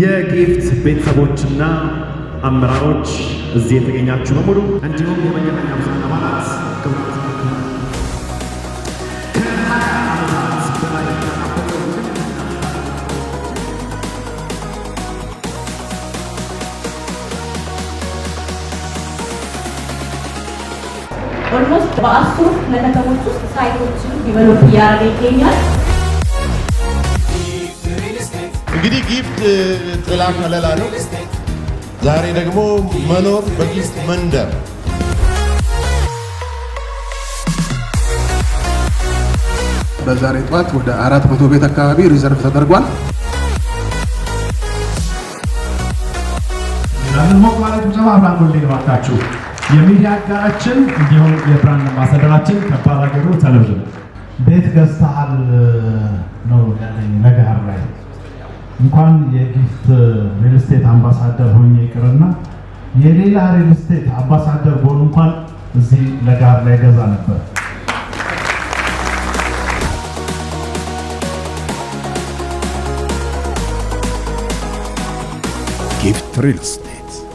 የጊፍት ቤተሰቦችና አመራሮች እዚህ የተገኛችሁ በሙሉ እንዲሁም የመገናኛ ብዙሃን አባላት ኦልሞስት በአስሩ ለከተሞች ውስጥ ሳይቶችን ዲቨሎፕ እያደረገ ይገኛል። እንግዲህ ጊፍት ጥላ ከለላ ነው። ዛሬ ደግሞ መኖር በጊፍት መንደር በዛሬ ጠዋት ወደ አራት መቶ ቤት አካባቢ ሪዘርቭ ተደርጓል። ሞቅ ማለት ብቻማ አብራን ጎሌ ባካችሁ የሚዲያ አጋራችን እንዲሁም የብራንድ አምባሳደራችን ከባላገሩ ቴሌቪዥን ቤት ገዝተሃል ነው እንኳን የጊፍት ሪል ስቴት አምባሳደር ሆኜ ይቅርና የሌላ ሪል ስቴት አምባሳደር በሆኑ እንኳን እዚህ ለጋር ላይ ገዛ ነበር። ጊፍት ሪል ስቴት